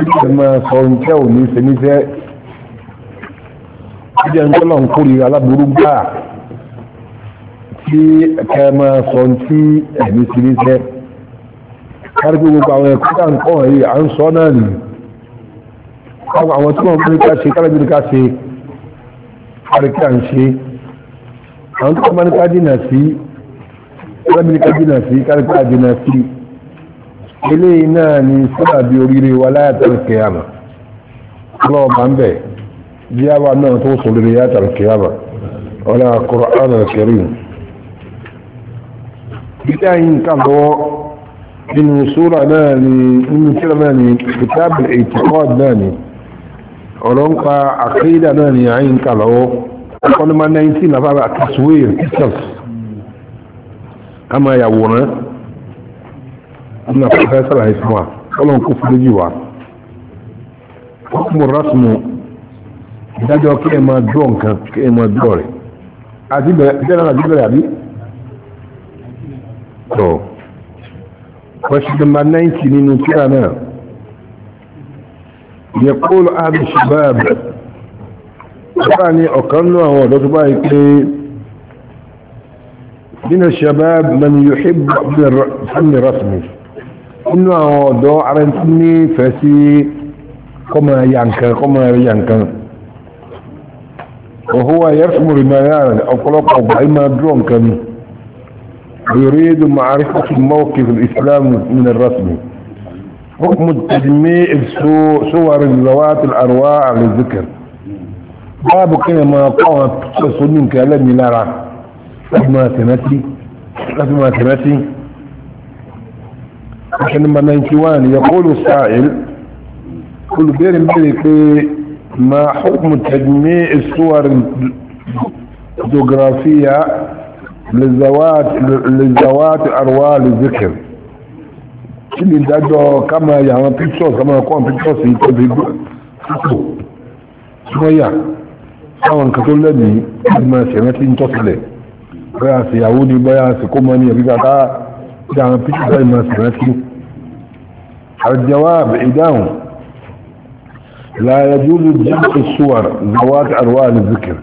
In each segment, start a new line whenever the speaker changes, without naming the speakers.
ẹmọ sọ̀rọ̀ tẹ́ ò
ní ṣe nífẹ́ ọjọ́ ìjọlọ̀ ń kórì aláburú gbà tí ẹmọ sọ̀rọ̀ tí ẹ̀mí ṣe nífẹ́ kárígbé gbogbo àwọn ẹ̀kọ́ tá nǹkan yìí à ń sọ náà nì
àwọn tí wọ́n mú ká ṣe kálájú ní ká ṣe
káríkà ń ṣe àwọn tí wọ́n mú ká dínà sí kálájú ká dínà sí káríkà dínà sí eléyìí náà ni sábàbí oríire wa láyàtàlù kìyàmà ọlọ́ọ̀bá ń bẹ̀ bí a wà náà tó sòrìrì yàtàlù kìyàmà ọlá Qur'an al-Karim bídá yìí nǹkan lọ́wọ́ nínú sóra náà ni nínú kíra náà ni kitab al náà ni ọ̀rọ̀ ń pa àkídà náà ni àyìn nǹkan lọ́wọ́ ọkọ̀ ní ma 19 nàfàbà àtàsúwèé kìsàs kama yàwòrán ọmọ ìfẹ́ sàlàyé fún wa ọlọ́run kó fún méjì wa ọkùnrin rásùmù ìdájọ́ kí ẹ máa dúró nǹkan kí ẹ máa dúró rẹ̀ àti bẹ̀rẹ̀ àti bẹ̀rẹ̀ àbí tó kwẹ́sìdìmá 90 nínú kíra náà yẹ kóòlù àbí ṣùgbọ́n ọ̀pá ní ọ̀kan náà àwọn ọ̀dọ́ tó báyìí pé nínú ṣàbáàbì mẹ́ni yóò ṣe nínú àwọn ọ̀dọ́ ara tí ní fẹ́ sí kọmọ yankan kọmọ yankan òhúwa yẹ́sùmùrì máa yára ọ̀pọ̀lọpọ̀ ọgbà ìmá dúró nǹkan ni يريد معرفة موقف الإسلام من الرسم حكم التجميع صور ذوات الأرواح للذكر باب كما قام تصنين لا لارا لما تنتي لما تنتي كلمة 91 يقول السائل كل بير ملكي ما حكم تجميع الصور الجغرافية للزوات للزوات أرواح للذكر كل ده كما يعني بيكتشر كما يكون بيكتشر يتبقى شوية àwọn nǹkan tó lẹ́bí ìgbìmọ̀ ṣẹ̀rẹ́ tí ń tọ́sílẹ̀ bẹ́yà sí ìyàwó ní bẹ́yà sí kó mọ́ ní ẹ̀bí kàtà ìdáhàn píṣẹ́ ìgbìmọ̀ ṣẹ̀rẹ́ tí الجواب إداهم لا يجوز جمع الصور ذوات أرواح الذكر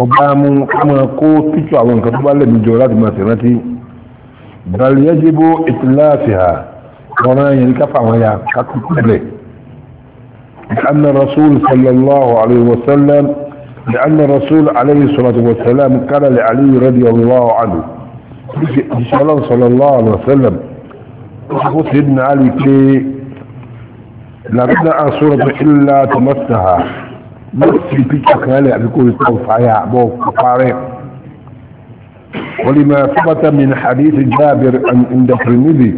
قدام كما قوت تشوى كتب على من جولات ماتنتي بل يجب إتلافها وما ينكفع ويا كتب لأن الرسول صلى الله عليه وسلم لأن الرسول عليه الصلاة والسلام قال لعلي رضي الله عنه إن صلى الله عليه وسلم أخو سيدنا علي كي لابد صورة إلا تمسها نفسي بيك خالع بكل صوت عيا بوك وقاري ولما ثبت من حديث جابر عند الترمذي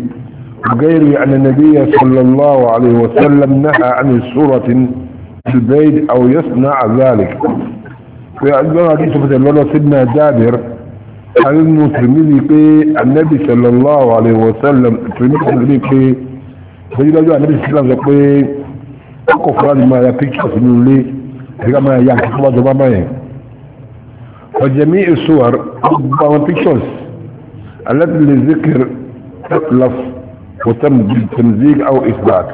وغيره أن النبي صلى الله عليه وسلم نهى عن صورة في البيت أو يصنع ذلك ويعجبنا حديث فتح سيدنا جابر àwọn mùsùlùmí ni pé anabi sallallahu alayhi wa sallam tìrìmí kò ní pé gbẹ́jọ́jọ́ anabi sallam sọ pé ọkọ̀ fúnra ni máa ya pictures ní ilé ẹ̀ka máa ya àti fúnra jọba máa yẹn ọ̀jẹ̀mí èso àwọn pictures alẹ́bí lè zikir tẹ́tìlá wọ́tẹ́m tẹ̀mzík àwọn isbat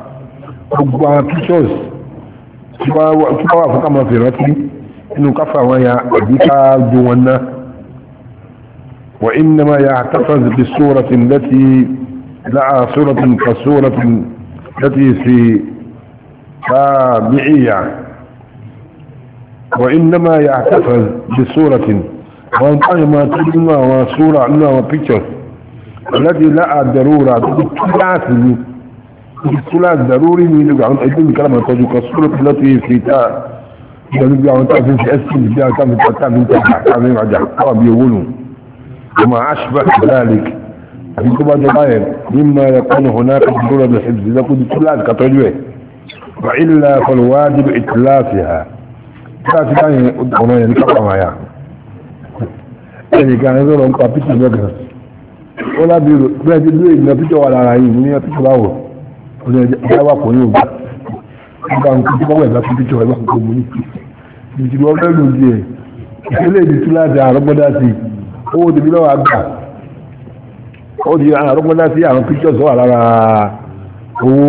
pictures tí wọ́n wà fún kàmọ́ fèrè rántí inú káfà wọn ya وإنما يعتقد بالسورة التي لا سورة كسورة التي في تابعية وإنما يعتقد بصورة وانطي ما تجمع وصورة عنا وبيتر الذي لا ضرورة تبتلاتني تبتلات ضروري من يقعون أجل كلمة تجوك السورة التي في تابعية يعني يقعون في أسفل تابعية في تابعين تابعية رجع تابعية يقولون وما أشبه ذلك أبيكم بعد الآية مما يكون هناك ضرورة بالحفظ إذا كنت كل كتجوه وإلا فالواجب إتلافها ثلاث ثانية هنا ينقطع معايا يعني كان يقول لهم قابلت بكرة ولا بيرو بلاد البيت ما بيتوا ولا رعيم ما بيتوا لاو ولا جوا كونيو كان كنت بقول ما بيتوا ولا كونيو بيتوا ولا لوزيه eléyìí tí láti àrọ́gbọ́dá sí i owó tèmi náà wà gbà ó di àwọn àrọ́gbọ́dá sí àwọn pictures wà lára owó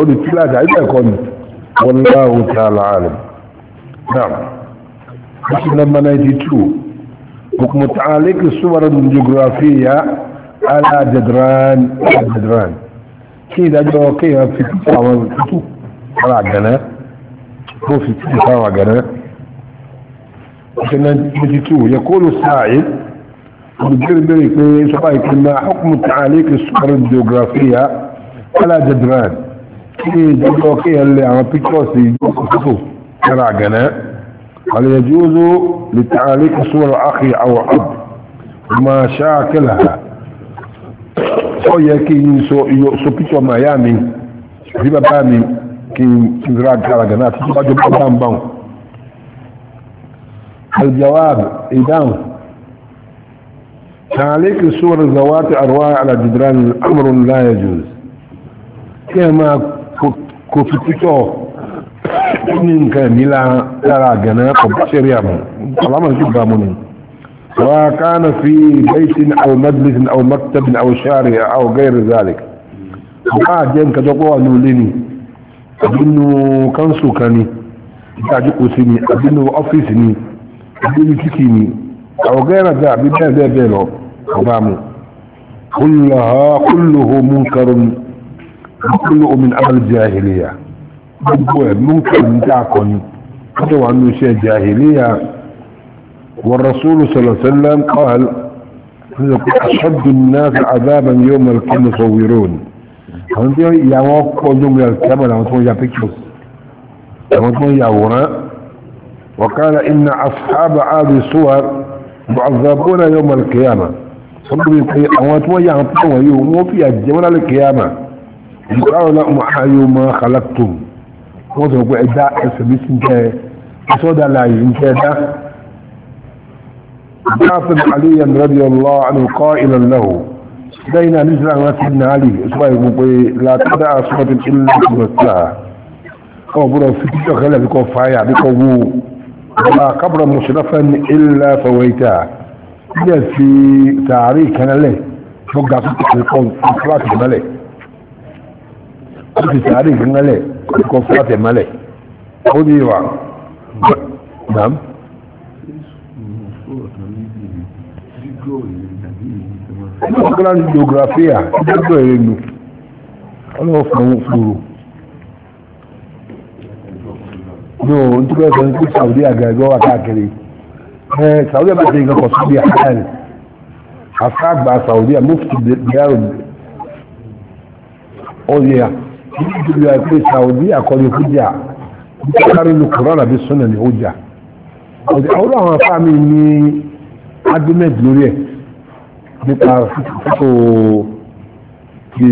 ó di kíláàsì àyíká ẹ̀kọ́ ni wọ́n lá owó tí a là á rẹ̀ náà question number 92 hukumu ta'alik suwar geografiya ala jadran jadran kí ìdájọ́ kéèyàn fi pípọ̀ àwọn tútù ara àgànná tó fi pípọ̀ àwọn àgànná question 92 yẹ kó ló sáà yìí الدكتور في شبايك ما حكم التعاليق الصور الجغرافية على جدران في جدوكية اللي عم بيكوسي جوكو كراغنا هل يجوز لتعاليق صور أخي أو أب وما شاكلها ó كي kí n so iyo so píṣọ màyà mi bí bàbá mi kí n ra gàràgà تعليق الصور ذوات أرواح على جدران أمر لا يجوز كما كفتكو من كاملا ترى جناق بشريعه طالما شبه منه وكان في بيت أو مجلس أو مكتب أو شارع أو غير ذلك وقاعد ينك جقوة نوليني أبنو كنسو كاني تاجقو سيني أبنو أفيسني أبنو كيكيني أو غير ذلك بيبين بيبينه قدامه نعم. كلها كله منكر كله من امر الجاهلية منكر متعكم قدوا عنه شيء جاهلية والرسول صلى الله عليه وسلم قال أشد الناس عذابا يوم القيامه يصورون يا وكو نوم الكامل يا بيكوس هنديو يا ورا وقال ان اصحاب هذه الصور معذبون يوم القيامه sọ́kùnrin pé àwọn tí wọ́n yà ń pọ̀ wọ̀nyí wọ́n fi àjẹ́ wọn lálẹ́ kìíyàmà ìgbàláwọ̀ náà mọ̀ ayé ọmọ kàlákùtùm wọ́n sọ pé ẹ̀dá ẹsẹ̀ mi sì ń kẹ́ ẹ̀sọ́dà láàyè ń kẹ́ díẹ̀ fi tààrí ìkẹ́nẹ́lẹ̀ tó ga fún fúláàtì mẹ́lẹ̀ ó ti tààrí ìkẹ́nẹ́lẹ̀ kọ́ fúláàtì mẹ́lẹ̀ ó ní ìwà nàám. Ní ọ̀gbọ́n ní geografia, ìdájọ́ ìrìnnù, ọlọ́wọ́ fún òun fúru. Ní òun tí kọ́ ẹ̀sọ́ ní kí Saudi àgbà ẹgbẹ́ wà káàkiri ẹ̀ eh, saudi bá ti nǹkan kan sóbi àkáàlì àfáàgbà saudi mufti bẹ́ẹ̀rù oyè níbi ìdílé wa pé saudi àkọlù fújà kárí lu kúrọ́nà àbí súnà ní ọjà ọdẹ àwọn àwọn afáàmì ní agreement lórí ẹ̀ nípa fífò ti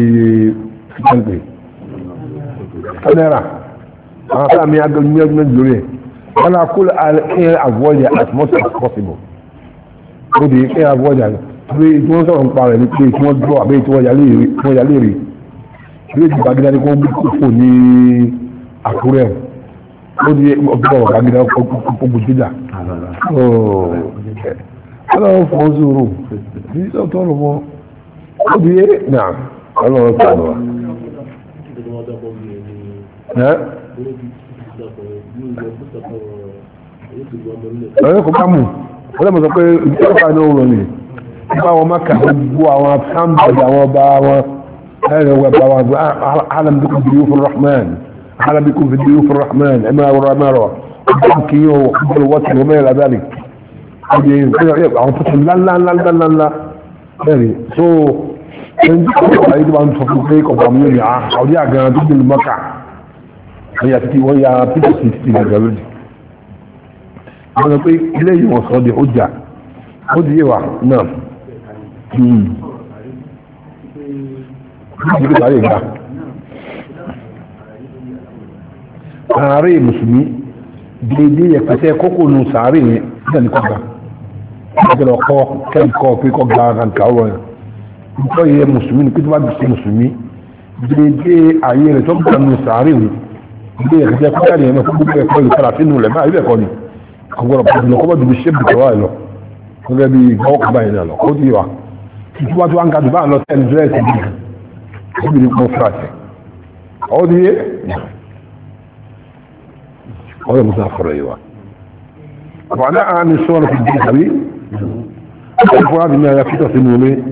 fífò pé kámẹ́rà àwọn afáàmì agreement lórí ẹ̀ wọn náà kó kéèyàn avoid it as much as possible ó di kéèyàn avoid it pé tí wọ́n sọ̀rọ̀ ń pa rẹ̀ ni pé tí wọ́n dúró àbẹ́ tí wọ́n yálé rè ilé ìdìbò agídá ni wọ́n kó fò ní àkúrẹ́ ó di ọgbọ́n ọ̀gá agídá kó gbòjú jà ọlọ́run fọ́ sóòrò bí sọ́tọ́ ọ̀rọ̀ wọn ó di náà ọlọ́run fọ́ ọ̀rọ̀
ọ̀rẹ́ kò bá
mú ọ̀rẹ́ mọ̀ sọ pé ìjọba ní òun ni bá wọn mọ́kà gbogbo àwọn sáńbàdì àwọn ọba wọn ẹ̀rẹ̀ wẹ̀ bá wọn alamdukun fi yóò fún rahman alamdukun fi yóò fún rahman ẹ̀ máa rọra máa rọ ọdún kì í yóò ọdún wọ́n ti mẹ́rin lábẹ́rẹ́ ọdún yìí àwọn tuntun ńláńláńláńláńlá bẹ́ẹ̀ ni so ẹni tó bá ń sọ fún pé kọ̀ọ̀kan mi ní à ọdí àgàn tó dé lùmọ́kà ẹ̀yà títí wọ́n ya pípẹ́ sí ti gàgà lónìí wọ́n sọ pé ilé yìí wọ́n sọ de ó jà ó di yé wa náà ní ìdílé sáré gbà sáré mùsùlùmí déédéé yẹ pẹ̀sẹ̀ kókò nù sáré yẹn nígbà ní kọ̀ọ̀kan kẹ́ńtọ́ pé kọ́ gàgà kàwọ́ yẹn nítorí yẹ mùsùlùmí ní pé tó bá bìí sí mùsùlùmí dédé ayé rẹ̀ tó gbà nù sàárè wù ilé ẹ̀kọ́ jẹ́ kó jáde ẹ̀mọ́ gbogbo ẹ̀kọ́ yìí kára sínú rẹ̀ máa ibẹ̀ kọ́ ni ọgbọ̀rọ̀ pàtó lọ kọ́bọ̀ dùbí ṣébù tó wà lọ gẹ́gẹ́ bí gbọ́ kaba yìí lọ kó di wa tuntun wa tó wá ń ga dùbà lọ sẹ́ni dírẹ́sì bí obìnrin kan fura tẹ̀ ọ́ di yé ọ́ yẹ musa fọ̀rọ̀ yìí wa wà á ní àwọn ní sọ́ọ̀rọ̀ fi di tàbí ó fura mi ní ara fítọ̀ sínú mi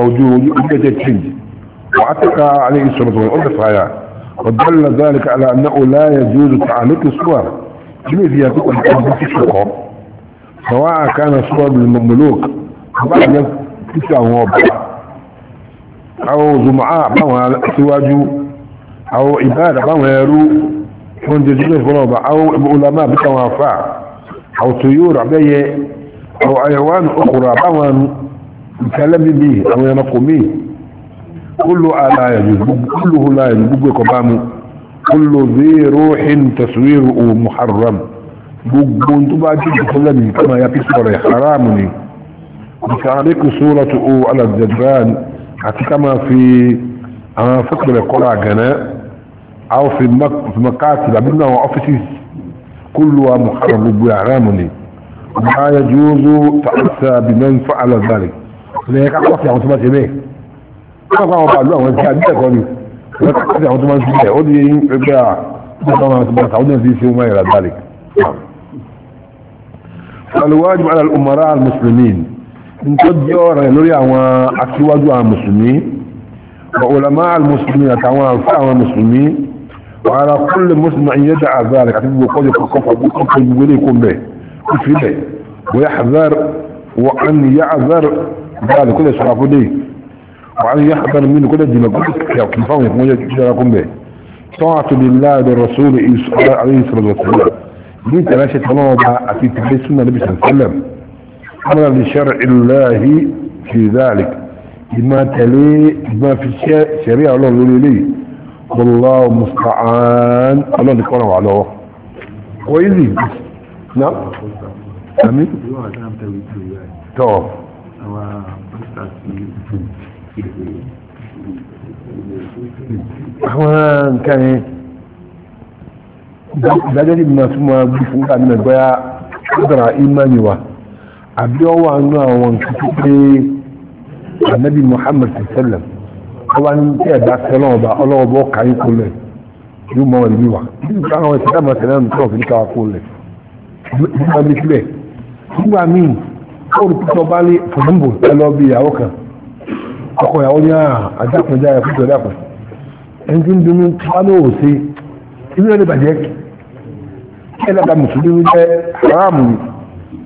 موجود يوجد وعتق عليه الصلاة والسلام ودل ذلك على أنه لا يجوز تعليق الصور كمية يكون الأرض الشقة سواء كان صور للمملوك تسعة أو زمعاء بما سواجه أو عبادة بما يرو كون جزيلة فلوبة أو علماء بتوافع أو طيور عبية أو أيوان أخرى الكلام به او ينقميه كله آه لا يجوز كله لا يجوز قبامه كل ذي روح تصويره محرم بقون تبا جد كلامي كما يبي صوري حرامني بتعليق صورته على الجدران حتى كما في انا فكر القرى جناء او في مقاتل عملنا وعفسيس كلها محرم بقون حرامني لا يجوز تأسى بمن فعل ذلك لك فالواجب على الأمراء المسلمين إن تدور يلوي أما أكيوادوا المسلمين وعلماء المسلمين أتعوان الفعام المسلمين وعلى كل مسلم أن يدعى ذلك أعتقد بقضي كالكفر بقضي يقول لكم به ويحذر وأن يعذر قال كل يسرقوا دي وعن يحضر منه كل دي مجهود كيفهم يكون يشاركون به طاعة لله للرسول عليه الصلاة والسلام دي تلاشى طلبة في تحيي سنة النبي صلى الله عليه وسلم أمر لشرع الله في ذلك بما تلي بما في شريعة الله يقول لي والله مستعان الله نكونه على وإذي نعم
أمين طب àwọn bísà sí ìpè.
àwọn nǹkan yẹn ìdájọ́ ti máa túmọ̀ bí fún ká nínú ẹgbẹ́ àdàrà ìmánì wa àbí ọwọ́ àánú àwọn nǹkan tó pé ànábì Muhammad sallam ọba ní tí ẹ̀dá sẹ́lọ̀ ọba ọlọ́wọ́ bọ́ kàyí kó lẹ̀ yóò mọ ìlú wa nígbà àwọn ìṣẹ̀dá màtẹ́lẹ̀ nù tó ọ̀fìn káwá kó lẹ̀ nígbà mi síbẹ̀ nígbà míì kóòrù pípọ̀ bá ní fòmùbù ẹlọ bí ìyàwó kan ọkọ ìyàwó ní àjàpọ̀já ẹ̀ fún ìjọba pẹ̀ ẹni tí ń dunú wá ní òsè inú ẹni bàjẹ́ kí ẹ dábàá mùsùlùmí jẹ́ haramu ni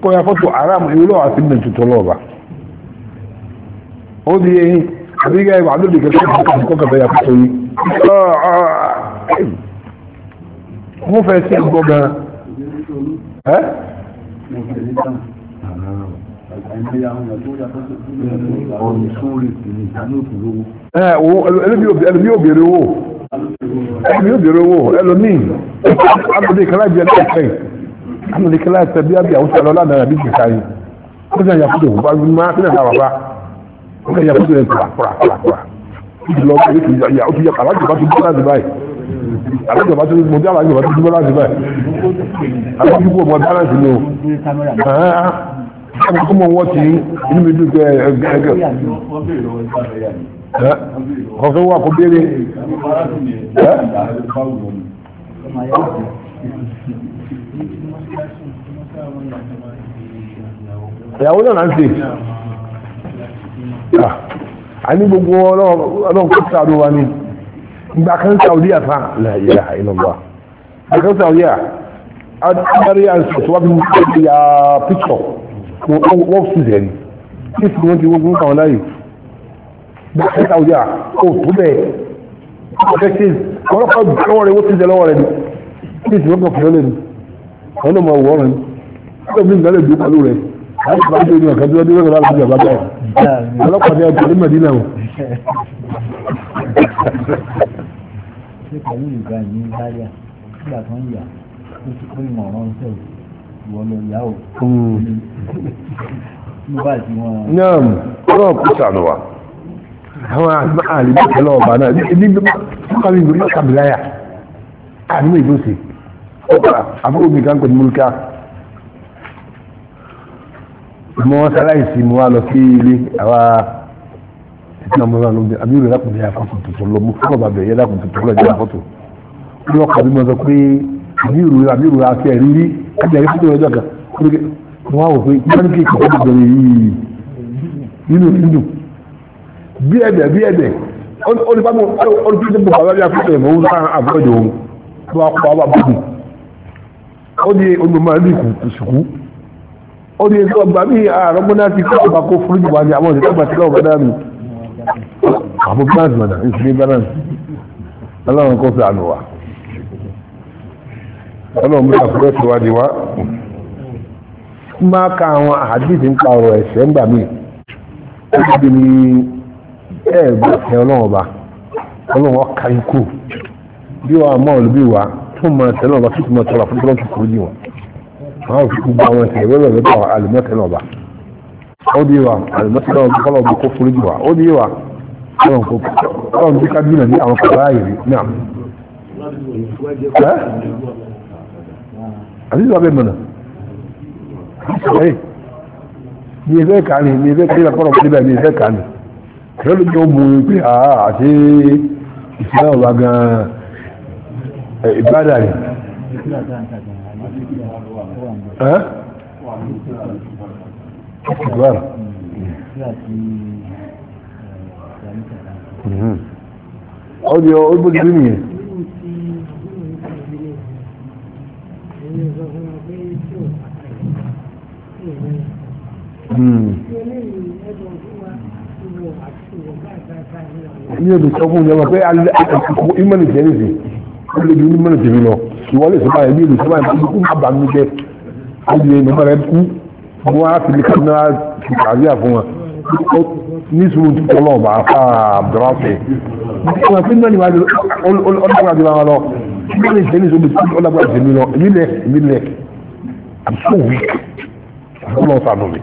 kó ya fọ́tò haramu ìwúlò àti ìbẹ̀ tuntun lọ́ọ̀bà ó di eyín àbí gẹ́ ìwà lóde kẹfẹ́ kọ́ kẹfẹ́ ya fọ́tò yìí wọ́n fẹ́ sí ẹgbọ́
gan-an Eh, ẹlòmí ò bèrè owó ẹlòmí ò
bèrè owó ẹlòmí amòdè kala bí ẹlòmí ẹ̀fẹ́ amòdè kala ẹ̀fẹ́ bí abí àwọn sọ̀rọ̀ lánàá bí kìkà yìí ó sì àyà fúdò bá wí máa fínà náà wà ó sì àyà fúdò yẹn kura kura kura kura ó sì lọ ó sì yà ó sì yà alájọ bá tún bọ́lá dubai alájọ bá tún mọ̀tí alájọ bá tún bọ́lá dubai
alájọ bá tún bọ́lá dubai
ọmọ tó mọ̀ wọ́n ti inú mi dùn pé ẹgbẹ́ ọ̀fẹ́ wà kó béèrè ìyàwó náà ń ṣe a ní gbogbo ọlọ́run kó sàánú wa ní ìgbà kan Saudi àtà láìyà ìlọ́gbà ìgbà kan Saudi àtà adarí àìsàn tó wá bí mo ṣe ya píkọ̀ wọ́n fi rẹ̀ ni tí fi wọ́n ti wọ́n fún àwọn láyè bẹ́ẹ̀ ní àwùjá kò tó bẹ́ẹ̀ ọ̀fẹ́ tí ọlọ́pàá lọ́wọ́ rẹ̀ wọ́n ti jẹ lọ́wọ́ rẹ̀ ni tí fi wọ́n kọ̀ fìyọ́ lẹ́nu àwọn náà máa wọ̀ rẹ̀ ni ọ̀fẹ́ mi nígbà lè dùn pẹ̀lú rẹ̀ láti bá dé ní ọ̀kan tó dé wẹ́rẹ́ láti bàbá bá ọlọ́pàá ní ọjọ́ ní Mẹ́dínà o.
ṣé kàlí ìgbà yìí ń bá yà nígbà tó ń yà ó ti kó ìmọ̀ràn sẹ́wọ̀n náà
ọ̀rọ̀ kú sànù wa àwọn àlìmọ́ kẹlẹ́ ọba náà ní bíkàlì ìgbòrí kàbíláyà àníwò ìgbòsì àbúrò mi kan pẹ̀lú múlùká wá lọ sí ilé àwa títí náà mọ́ wá lóbi àbí ìrẹ̀lẹ́kùnrin lọ mú fún ọ̀bàbẹ̀ yẹ́dàkùn tuntun lọ jẹ́ àkọ́tù ó lọ́kọ̀ bí mo sọ pé àbí ìrora àbí ìrora àti ẹ̀rí rí àti ẹ̀rí fún ìrọ̀jọ́ kan wọ́n á wò pé yánkì kọ̀ọ̀kan ti bẹ̀rẹ̀ yìí nínú hindu bí ẹ̀bẹ̀ bí ẹ̀bẹ̀ olùfàmù olùfàmù bàbá bí afẹ́fẹ́ ìmọ̀ òun sáà àfọ́jọ òun tó wá pa wá bùkù ó di olùmọ̀ ní ìkùsùkú ó di ẹ̀sọ́ ọgbà mí àrọ́gbọ́n náà ti kọ́ ọba kó fún ìjọba ní àwọn ìṣẹ́gbà tí kọ́ ọba náà mi àbúkú náà ti mọ̀nà ọlọ́run bí àkúrẹ́ ti wá di wá máa ka àwọn àdìsí ń pa ọ̀rọ̀ ẹ̀ṣẹ̀ ń gbà mí ó ti di ní ẹ̀ẹ́gbẹ́ ẹ̀ṣẹ̀ ọlọ́run ọba ọlọ́run ọkà ikú bí wàá mọ́ olùbí wa tún máa tẹ̀lé ọba tún máa tọrọ fún tọ́lọ́tù kúrú yìí wọn àwọn òfin gbogbo àwọn ẹ̀ṣẹ̀ ìwé rẹ̀ lọ́wọ́ àlùmọ́tẹ̀lẹ̀ ọba ó di wa àlùmọ́tẹ̀lẹ̀ ọba kọ́lọ́ ọba kó forí wa ó di wa ọlọ́run kó ọlọ́run àdìsí wà bẹ́ẹ̀ mọ̀nà ẹ̀yìn ní ẹgbẹ́ kan ní ní ẹgbẹ́ kan ní ìlàkọ́rọ̀ fún ibẹ̀ ní ẹgbẹ́ kan ní ìrẹ́lú ni ó mú un pé àá àti ìsìlẹ̀ ọ̀la gan-an ìbádà nìyẹn.
ní ẹ̀dùn sọ
fún ìjọba pé ìmọ̀nì jẹ́ nìsí ó lè ju ìmọ̀nì jẹ́ mi lọ ìwọlé ìsọ́bà ẹ̀mí ìlú ìsọ́bà ẹ̀mí ìlú kúmọ̀ bá mi jẹ́ ọdún ẹ̀mí ọmọ rẹ̀ kú fún wa fi lè náà ti kàrí àfún wa ní sùúrù tí kọ́ lọ́ọ̀bà afá àbúrásẹ̀ ìwọ̀n fún ìmọ̀nì wa ọlọ́gbà jẹ́ wa lọ jẹ́ nìsí ọlọ́gbà jẹ́ mi lọ ìmílẹ̀ ìmílẹ̀ I'm so weak. I don't know what I'm doing.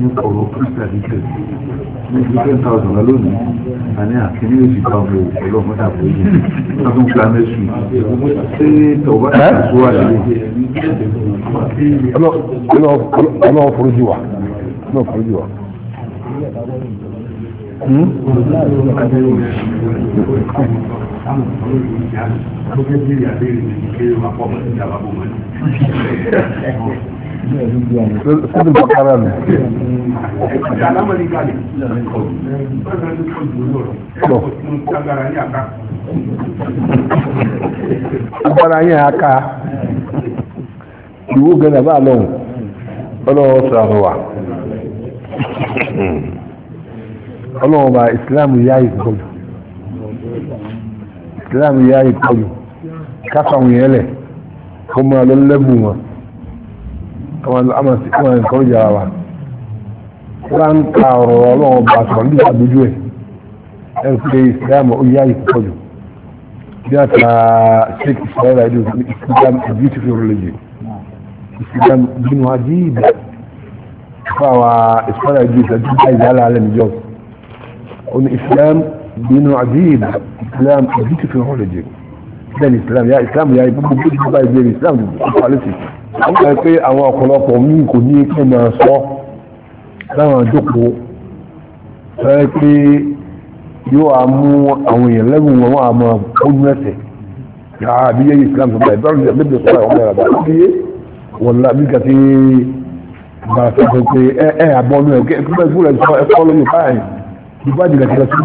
ní ọ̀rọ̀ pírísà díkẹ̀ ní ti ten thousand lọ lónìí àní àkíní èsì kan mo ọlọ́
mọ́tà bò yìí ọdún planet suit ṣé tọ̀wá ìṣàṣúwà lè. ọlọ́wọ́ forójú wa ọlọ́wọ́ forójú wa. Àwọn
ọmọ ìgbésí àbẹ̀rẹ̀ ìdíje wà pọ̀ mọ́ ìjà wà bọ̀ mọ́
sódù bàkárà nù. agbára yẹn aka ìwú gẹ́gẹ́ bá lọ́wọ́ ọlọ́wọ́ sọ̀rọ̀ wa ọlọ́wọ́ bá ìsìlámù yá ìkọlù ìsìlámù yá ìkọlù káfà wọn yẹn lẹ̀ kó máa lọ lẹ́bùn wọn àwọn amasi àwọn nǹkan ìjà wa wọ́n ń ka ọ̀rọ̀ ọlọ́run bá sọ̀rọ̀ níbi àdójú ẹ̀ ẹ̀ ń pe ìsìlámù ó yá ìpọ̀ jù bí a ta sheikh israel ayi ní islam a beautiful religion islam bínú ajíìbì fáwa israel ayi ní islam bá ìyáàlá alẹ́ níjọ́ ó ní nígbà pé àwọn ọ̀pọ̀lọpọ̀ míì kò ní kí máa sọ láwọn àjókòó fẹ́ pé yóò á mú àwọn èèyàn lẹ́gùn wọn wọ́n á máa kójú ẹ̀sẹ̀ yàrá bí yẹ́ Islam sọ̀rọ̀ ìbáraẹni ìbẹ̀rẹ̀ sọ̀rọ̀ àwọn ọ̀rọ̀ àbá bí yé wọ́n lá bí kàtí bá a sọ̀rọ̀ pé ẹ ẹ àbọ̀ nù ẹ̀ kí ẹ fún ẹ sọ ẹ kọ́ lóyún báyìí ìbá jìnà kí ẹ sọ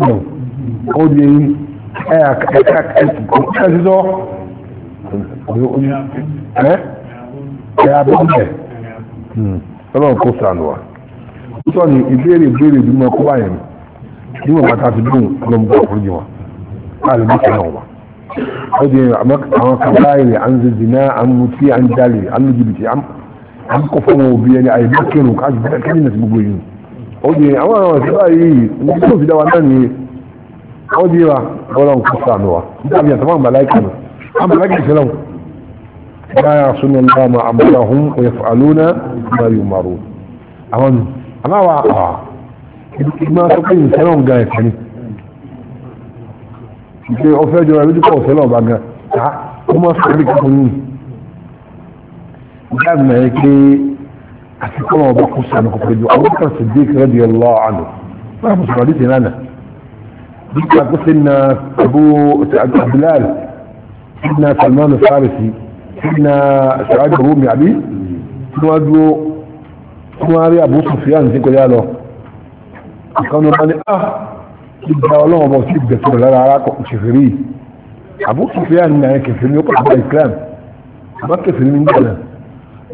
nù ẹ̀yà bọ́ọ̀lẹ̀ hmm. ọlọ́run kó sànù wa sọ ni ìbéèrè ìbéèrè bí mo kó báyìí ní wọn bàtà ti dùn ọlọ́run bá fún yín wa káàlì bí kìnnà wa
ó di àwọn kàbáyìí
à ń zèzì náà à ń mutí à ń jalè à ń jìbìtì à ń kọ́ fún wọn òbí ẹni àyè mákẹ́rù káàkiri bẹ́ẹ̀ kí gbogbo yìí ó di àwọn àwọn ìṣẹ́lá yìí ní tó fi dá wa náà ni ó di wa ọlọ́run kó sànù wa nígbà bí àtàwọn àmàlà ìkànnì àmàlà ìkànnì لا يعصون الله ما امرهم ويفعلون ما يمرون اهون اما واقع آه. ما تقول سلام جاي ثاني في اوفر جو ريدي كو سلام باغا ها كما سلك كوني جاب ما هيك اتكلم ابو حسن ابو بدر ابو بكر الصديق رضي الله عنه فاهم سؤالي انا بيقول ان ابو عبد بلال ابن سلمان الفارسي na ṣàrájú rúmi àbí tí wọ́n dúró tí wọ́n rí àbú sùfíàn sí kọjá lọ ìkanu bá ní ah ti gba ọlọ́wọ́ bọ̀ sí ìgbẹ̀sọ̀ lára ara kẹfìrí àbú sùfíàn ní àwọn kẹfìrí ó pàdé Islam àbá kẹfìrí ní ìjọba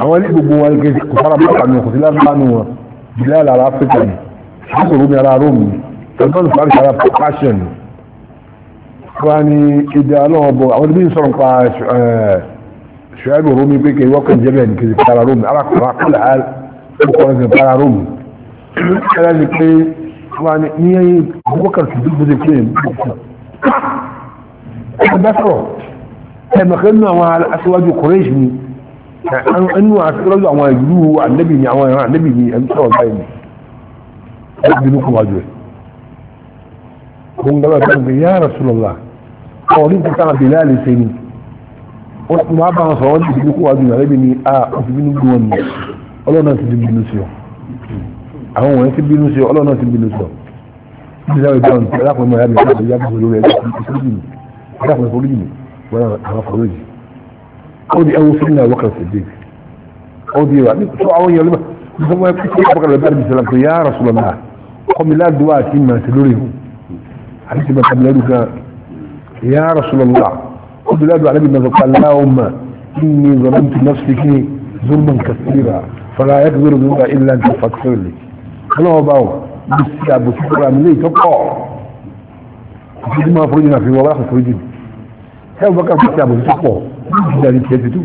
àwọn ilé gbogbo wọn kò fara bá kàmì kò sí lára nù wọn ìdílé àlàra Áfíríkà ni àbúkò rúmi ara rómi ẹgbọ́n fàrí sára pàṣẹ ni wọ́n ní ìdí ọlọ́wọ́ bọ̀ àwọn ibi شعب رومي بيك يوقع جبان كذي بتاع رومي عرق عرق كل حال وقرن بتاع رومي كلام كده طبعا ني ابو بكر الصديق بذكرين بسرو كما قلنا مع اسواج قريش انه اسواج يجلوه يجوه النبي ني يعني او النبي ني ان شاء الله يعني بنكم اجل هم قالوا يا رسول الله قولين كان بلالي سيني ma bá wọn sọ̀rọ̀ ní ìdíkú wájú rẹ̀ bí ní a ti bínú gbọ́n ni ọlọ́nà ti bínú sí ọ àwọn wọ̀nyí ti bínú sí ọ ọlọ́nà ti bínú sí ọ bí sáré dáhùn tí alákùnrin máa yá mi káàkiri yá gbogbo lórí ẹgbẹ́ ìforíjì mi alákùnrin foríjì mi wọ́n àwọn foríjì ó di ẹwọ́ sínú àwọn kan sèdè ó di ẹwà tó àwọn yẹn lọ́mọ bí wọ́n máa kí ọkọ̀ rẹ̀ bẹ́ẹ̀ bìsọ̀rọ̀ pé yá ara sọ̀rọ̀ náà kọ́mi ládùúgbò àti màtí lórí ìhù àti tìmọ̀tàbí lẹ́rù kan yá ara sọ̀rọ̀ náà قلت لا دعا نبي نظر قال اللهم إني ظلمت نفسي ظلما كثيرا فلا يكبر ظلما إلا أنت فاكفر لي أنا أباو بس أبو سكرا من لي تقع فقد ما أفرجنا في وراء أفرجنا كيف بكر بس أبو سكرا جداري كيفتو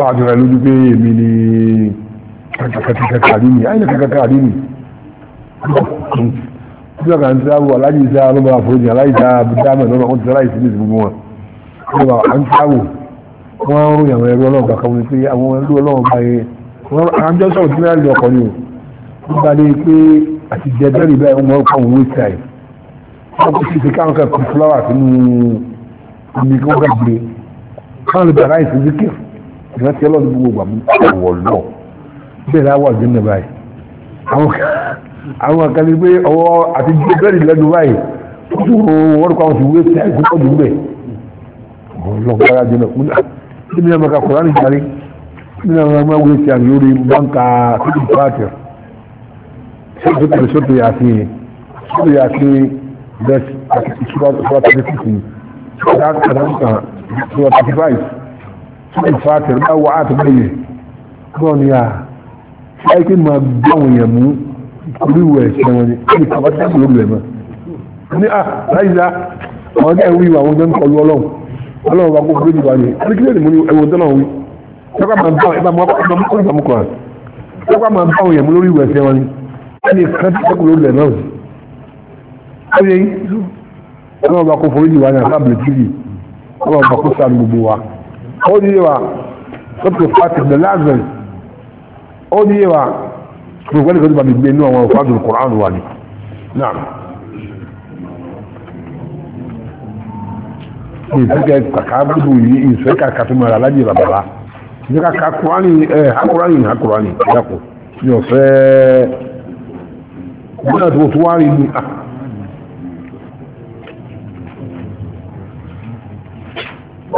بعد العلوج بي مني كاكا كاكا أين كاكا كاكا Ìjọba ń sáwọ́ aláìsá ló bá forí aláìsá dámẹ̀ lọ́nà ọ̀tí aláìsí ní ìsìnkú wọn ọba àǹtáwò wọ́n ń ròyìn àwọn ẹrú ọlọ́ọ̀gbà kan wípé àwọn ẹrú ọlọ́ọ̀gbà yẹn wọ́n àwọn jọ́ sọ̀rọ̀ tí wọ́n rí ọkọ̀ ni o wọ́n bá lé pé àti jẹjẹrì báyìí wọ́n mọ̀ ọ́n wé tàì wọ́n kò sì fi káwọn kan kún fúláwà sínú omi kí wọ́n kà gbé káwọn lè bàrá ìsìn zikir ìrántí ọlọ́ọ̀dún gbogbo àmú ọ̀wọ̀ lọ bẹ́ẹ̀ láwọ̀ àdúgbò báyìí àwọn kan ní pé ọwọ́ àti jẹjẹrì lẹ́nu báyìí wọ́n kọ́ àwọn ti wé tàì kó ọlọ́gbára jẹ́ náà níbi náà maka kùránì járí níbi náà maka wíwé tí a lórí báńkà fíjì pàtẹ ṣọ́tò tẹ̀lé ṣọ́tò yàtí ṣọ́tò yàtí bẹ́ẹ̀ àti ṣọ́tò tẹ̀lé fífi ṣọ́tò àkàdáńkà ṣọ́tò tẹ̀lé fáì fíjì pàtẹ bá wà á tó bẹ́yẹ bọ́ọ̀ ni a ṣáyé kí máa gbọ́wọ̀ mu, mú oríwọ̀ ẹ̀ṣẹ̀ wọn ni kí ni kàbá tẹ́lẹ̀ lórí rẹ̀ mọ́ ní à láyé dá àwọn ẹ̀wí àwọn jẹ́ ń kọlu ọlọ́run ọlọ́run wa kó fún méjì wá ní alikílẹ̀ ni mo ní ẹ̀wọ̀n tó náà wí ẹ̀kọ́ máa bá ẹ̀bá mọ́ ẹ̀bá mọ́ ẹ̀bá mọ́ kọ́ra ẹ̀kọ́ máa bá òun yẹn mú lórí ìwẹ̀ ẹ̀sẹ̀ wọn ni ẹni kan ti sẹ́kù lórí ẹ̀ náà sí. ẹ̀yẹ ọlọ́run wa kó fún méjì wá ní alábìlẹ̀ tìlì ọlọ́run wa kó gbogbo wa ó ní wa sọ́tò fatik the last verse ó ní wa ṣùgbọ́n ẹni kan ti bá mi gbé inú àwọn ọ̀fà ìfẹ́kẹ́ kàkàbùdù yìí ìfẹ́ kàkàtúmọ̀ rẹ̀ alájì bàbàrà ìfẹ́ kàkàkùránì ẹ̀ hakùránì hakùránì ìyàkù ní ọ̀fẹ́ gbọ́dọ̀ tó tó wá rí ní à ah.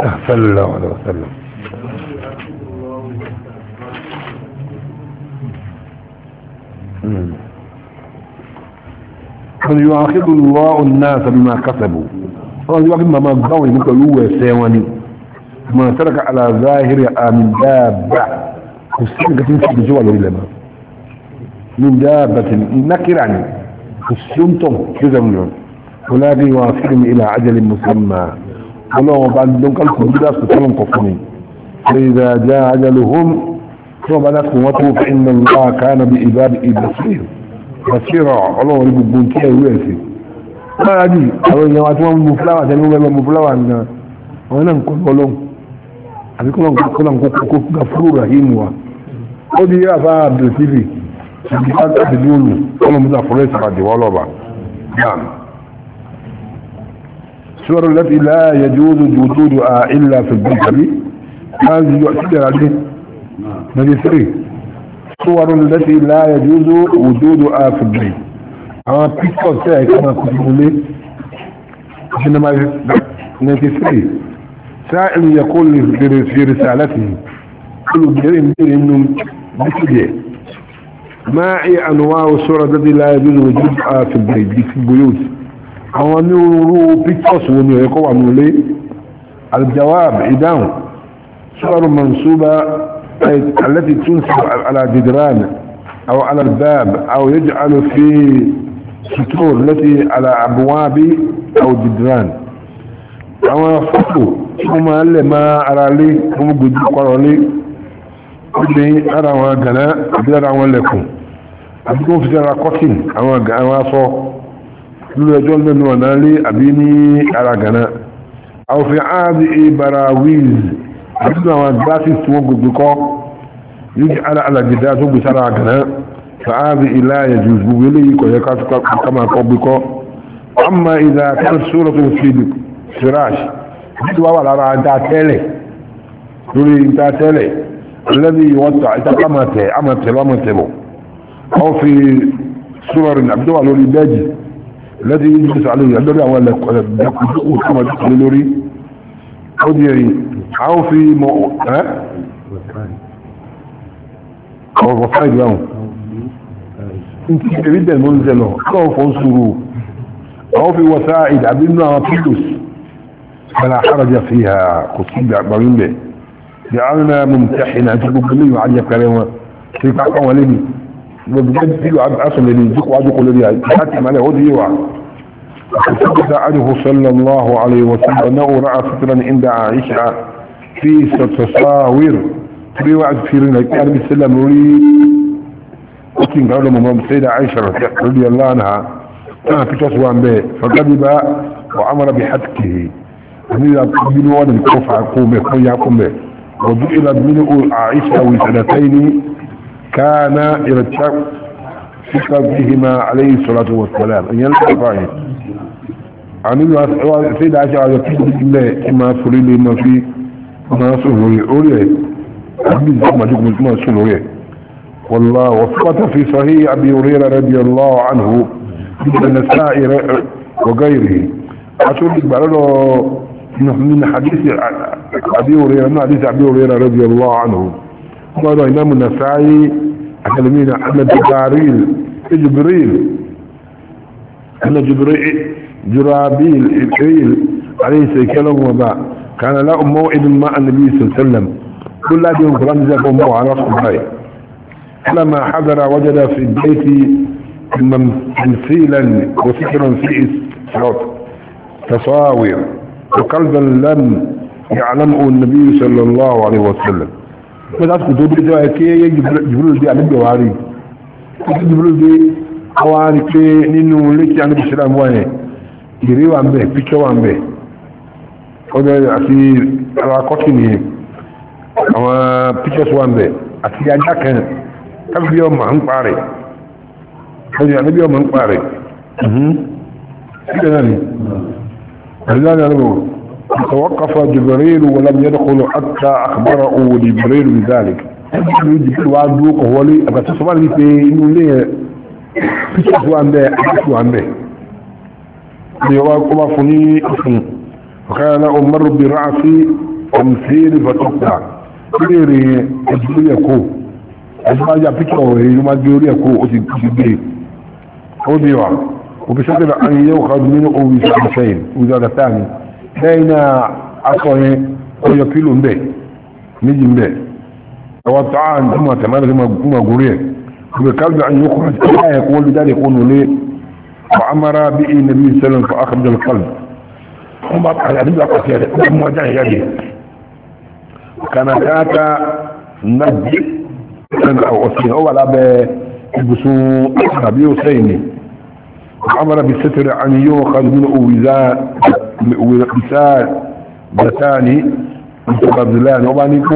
ah, sallallahu alaihi wasallam
قد يؤاخذ الله الناس بما كسبوا wọ́n ti wá kí màmá gbáwọn ìlú pẹ̀lú ẹ̀sẹ̀ wọn ni mọ̀ sẹ́rẹ̀kà aláàzáhìrì àmì dáadáa kò sí nǹkan tí ń ṣètò síwà lórí lẹ́mọ̀ ní dáadáa ti nákìrà ni kò sí ń tọ̀ kí sẹ́mu yọ wọn láti wọn fílìm ilà ajẹ́lẹ̀ mùsùlùmá ọlọ́wọ́n bá dún kálukú bí dá sùn tọ́lọ̀ kọ̀ọ̀kan ni ṣèyíza já ajẹ́lẹ̀ hóm tí wọ́n bá dá sùn wọ́n tó fi ń lọ káàkiri bí ibà bí ibà sí lára jù àwọn èèyàn àti wọ́n mú fúláwà tẹ́lú wẹ́lọ mú fúláwà náà wọ́n náà kọ́ lọ́lọ́m àti kọ́lọ̀n kókó ga fúrú rahim wa ó di yá fa abdulkiri àti láti ní olù kọ́lọ̀n mú sàfúrẹ́ sàbàdì wọ́n lọ́ba yam sọ́rọ̀ láti ilá yajuzu wujudu a illa fi bukari náà ti yọ sí dára dé nàìjíríà sọ́rọ̀ láti ilá yajuzu wujudu a fi bukari سائل يقول في رسالته avec moi, si vous voulez, ما هي انواع الصورة الذي لا يجوز وجودها في البيت في البيوت او نورو بيتوس ونيكو عنو لي الجواب اذا صور منصوبة التي تنصب على جدران او على الباب او يجعل في السطور التي على أبواب أو جدران أما فقو هما اللي ما أرى لي هم قد قروا لي قلني أرى وانا أبدا أرى لكم أبدا في جرى قتل أما أما صو لولا جول من وانا لي أبيني أرى قنا أو في عاد براويز أبدا ما باسي سمو قد يجعل على جدار سمو سرى قنا فهذه لا يجوز بليك كما قبلك أما إذا كانت سورة في الفراش بدوا ولا رأى تاتيلي تولي تاتيلي الذي يوضع تقامته أمته ومته أو في سور بدوا لوري باجي الذي يجلس عليه أدري أولا كما دخل لوري أو في مو... ها؟ أو الوصائد لهم nti ebi dẹ̀ ló ń zẹ lọ kọ́ fọ́ sùúrù àwọn fi wọ́n sáà ìdá bí nínú àwọn pílùs bala haraja fi ha kò sí gbàgbàrin bẹ̀ bí a nà mú tẹ̀hìn àti gbogbo ní ìwà àjẹ kẹrẹ wọn tí ká kọ́ wọn lé ní gbogbo bẹ́ẹ̀ bí wàá aṣọ lè ní ìdíkọ̀ àjọkọ̀ lórí àti ìmọ̀lẹ̀ ó di wa وثبت عنه صلى الله عليه وسلم أنه رأى سترا عند عائشة في ستساور في وعد في رنك أرمي السلام يريد وكين قالوا مم سيدة عائشة رضي الله عنها كان في تسوى به فقدب وعمر بحتكه أمير أبقين وانا الكوف عقوم يكون يعقوم به وضئل منه عائشة وسنتين كان يرتشق فكر بهما عليه الصلاة والسلام أن يلقى فاهم عمير سيدة عائشة رضي الله عنها ما سليل ما في ما سلوه أولي أمير ما جوكم ما سلوه والله وثبت في صحيح أبي هريرة رضي الله عنه النسائي وغيره لك إقباله من حديث أبي هريرة من حديث أبي هريرة رضي الله عنه قال إمام النسائي أكلمين أحمد جبريل جبريل أن جبريل جرابيل إبريل عليه السلام وباء كان له موعد مع النبي صلى الله عليه وسلم كل هذه القرآن جاءكم على رسول الله لما حضر وجد في البيت تمثيلا وفكرا في الصراط تصاوير وقلبا لم يعلمه النبي صلى الله عليه وسلم بدأت كتب كي دي يعني على جواري جبريل دي awari pe ninu leki anabi islam wa yẹn ìrí wa ń bẹ píkẹ́ wa ń bẹ ọdẹ àti ara kọ́tì nìyẹn àwọn píkẹ́sì kábíbí ọmọ ń parẹ̀ kábíbí ọmọ ń parẹ̀ ṣíkẹ́ náà ni àrídáni àríwọ̀ توقف جبريل ولم يدخل حتى أخبره جبريل بذلك جبريل وعدوك هو لي أبقى تصبر لي في إنه ليه píṣàtú àmbẹ́ àpíṣù àmbẹ́ ni wá kó bá fún ní ọ̀fún ọ̀káyàlá ọmọrùbìnrin àti ọmọsílẹ̀ fàtọ́kà lórí ẹ̀jùlẹ̀ kó ẹ̀sùn máa ń ya píkọ̀ èyí ló máa gbé orí ẹ̀kọ́ ó ti gbé ó di wa òbí sọ́kẹ̀dà àwọn ilé ọ̀kan nínú owó ìṣẹ̀lẹ̀ sẹ́yìn ìjọba táà ni lẹ́yìn náà aṣọ yẹn ó yọ kílò ń bẹ̀ méjì ń bẹ̀ ẹ̀wọ̀ táà ń túmọ̀ tẹ̀mẹ́rẹ̀ tó máa gúnrí ẹ̀ òbí kábíyà àwọn yòókù láyẹ̀ kó lè jáde kó nulẹ̀ fa'amara bí i nàbí sẹ́lẹ̀ fún akadọ́l kalb wọ́n bá ọ̀sìn ó wà lábẹ́ ibùsùn tàbí òsẹ́yìn ni amara bi sẹ́tẹ̀rẹ̀ àni yóò kàlù nínú òwìsá bàtáni ìtọ̀bàbìláni ọba ní kó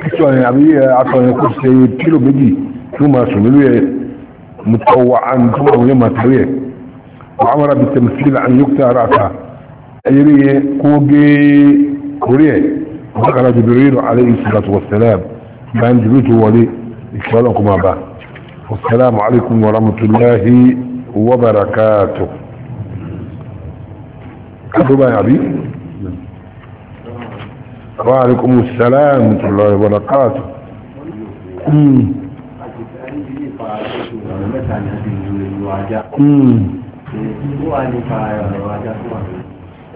kíkọ́ ni àbí àtọ̀yìn kó ṣe kílò méjì tó máa sùn nílé ẹ̀ mutọ̀wà àn tó máa جبريل عليه الصلاة والسلام بان جبيته ولي إكوالكم أبا والسلام عليكم ورحمة الله وبركاته أتبع يا أبي وعليكم السلام ورحمة الله وبركاته امم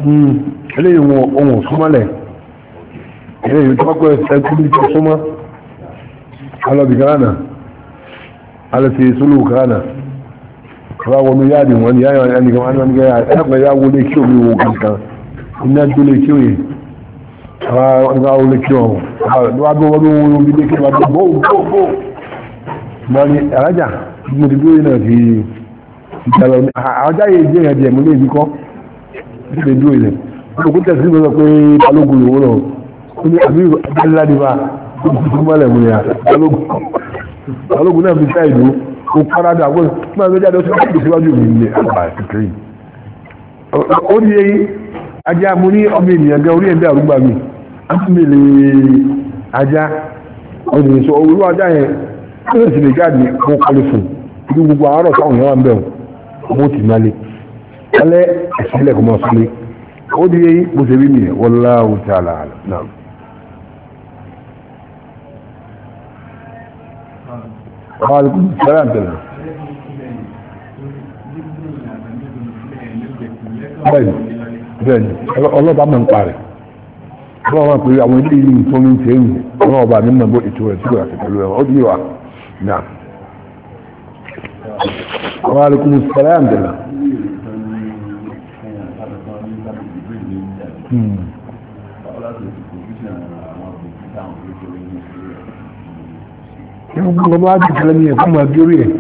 امم eléyìí wọn ohun súnmọ́lẹ̀ eléyìí tó bá kọ́ ẹ̀sẹ̀ tó bí tó súnmọ́ alọ́bì kánà alẹ́sẹ̀ sólò kánà ráwọnú yáàdì wọn ni yáyọ̀ ẹnìkan wọn ni yáyà ẹ̀kọ́ yá wọlé kí omi wo kankan iná gbélé kí oye wá wọlé kí ọ̀hún wá bí wọ́n bí wọ́n wọ́n bí lé kí wọ́n bí bó bó bó wọ́n ni alájà mo ti dúró náà fi ìjàlọ ní àwọjá yìí jẹ́ ìrìnàjò ẹ̀mú léèdì kọ́ ó ti dúró ilẹ̀ ó kó tẹ̀sí mi sọ pé balógun lòun lọ ó ní àbí mọ́lẹ̀ mú ya balógun náà fi sáà ìlú ó parada àwọn ìgbà tó jáde a ti mèlè ajá ọdún sọ orú ajá yẹn ó sì lè jáde mo kọlu fún ní gbogbo àárọ̀ sáwọn èèyàn wà ń bẹ̀rù mo ti máa lé alẹ́ ẹ̀sìn ilẹ̀ kò mọ̀ sílé ó ní mo ṣe rí nìyẹn wọ́n láwùjá làálà náà وعليكم السلام تلقى
bẹ́ẹ̀ni bẹ́ẹ̀ni
ọlọ́ba mọ̀ ń parẹ́ ọlọ́ba pẹ̀lú àwọn ilé yìí tó ní ṣe ń ọlọ́ba ní mọ̀ bó ètò rẹ̀ tí kò rà pẹ̀lú ẹ̀ ọdún yìí wà náà àwọn alùpùpù sọ̀rọ̀ àǹdẹ̀là yẹn fún ọmọ adé ìtàlẹ́ mi yẹn kó máa gérí ẹ̀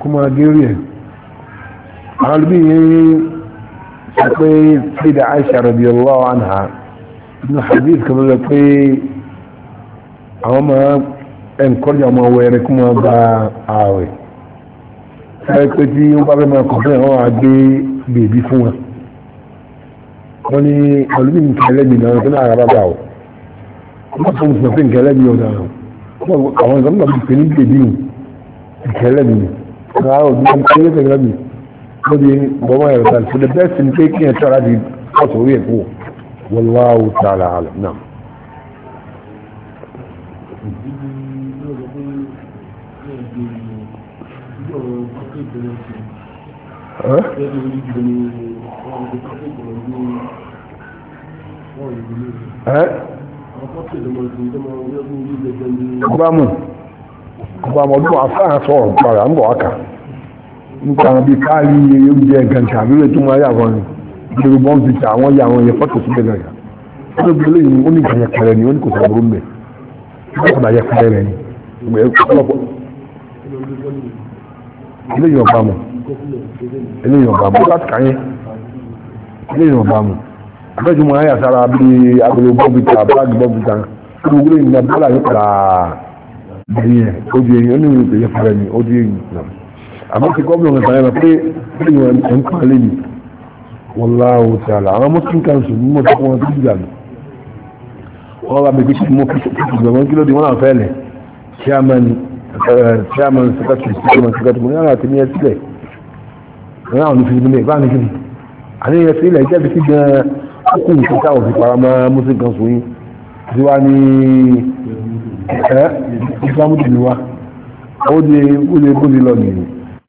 kó máa gérí ẹ̀ àwọn olùbí yẹn sọ pé fídà Aisha radiyallahu anha inú hadith kan lọ pé àwọn máa ẹnkọ́jà ọmọ wẹ̀rẹ̀ kó máa gba ààwẹ̀ sáré pé tí wọ́n bá fẹ́ máa kọ̀ fún ẹ̀ wọ́n á gbé bèbí fún wọn wọ́n ní olùbí nǹkan ẹlẹ́mìí náà tó náà rárá bá wọ́n àwọn ìgbàmọ̀ bí pẹ̀lú ìgbèdì ìkẹlẹ́bì àwọn òbí ìkẹlẹ́bì lóbi bọ́mọ̀ ẹ̀rọ tàbí for the best in pé kí ẹ̀ tọ́ra di ọ̀tọ̀ orí ẹ̀kọ́ wallahu ta'ala alam náà
Huh? ọgbàmù
ọgbàmù ọdún àfáà sọ ọ̀gbàrà ń bọ̀ wákà nípa àwọn bíi káàrí iye oúnjẹ gàǹkà àbílẹ̀ tó máa yàwọn ni gbogbo bọ́n ti ta àwọn yà àwọn yẹ fọ́tò síbẹ̀ gàǹkà ó ló yìí ó ní gàǹkà kẹrẹ ni ó ní kò sọ burú mbẹ ó kọ̀dà yẹ kẹrẹ rẹ ni ìgbà ọlọ́pọ̀ eléyìí ọgbàmù
eléyìí ọgbàmù ó láti kàyé
eléyìí ọgbàmù àfẹ́jú mọ́ ayà sára bí agolo bọ́bìtà báàgì bọ́bìtà gbogbo ìgbà bọ́là yóò padà bí ẹ̀ ó di èyí ó ní ìrìn òkèèyàn fẹ́rẹ̀ ni ó di èyí náà àmọ́ ti gọ́ọ̀bù ọ̀rẹ́ sàrẹ́ pé èèyàn ẹ̀ ń pàlẹ́ ni wallahu ta'ala àwọn muslim council mú mọ́tò fún wọn tó dìgbà lọ wọ́n bá mi gbèsè mú kíkì gbà wọn àfẹ́ chairman eh, chairman secretary chairman secretary mo ní àwọn àtẹ̀mí ẹ sílẹ̀ wọn àwọn olùfisibílẹ̀ báwọn ní kíni àníyàn sílẹ̀ ó kù nǹkan táwọn fi para mọ́ muslim kan sóyún tí wá ní ẹ́ islamu ó lè
kó lè lọ nìyí.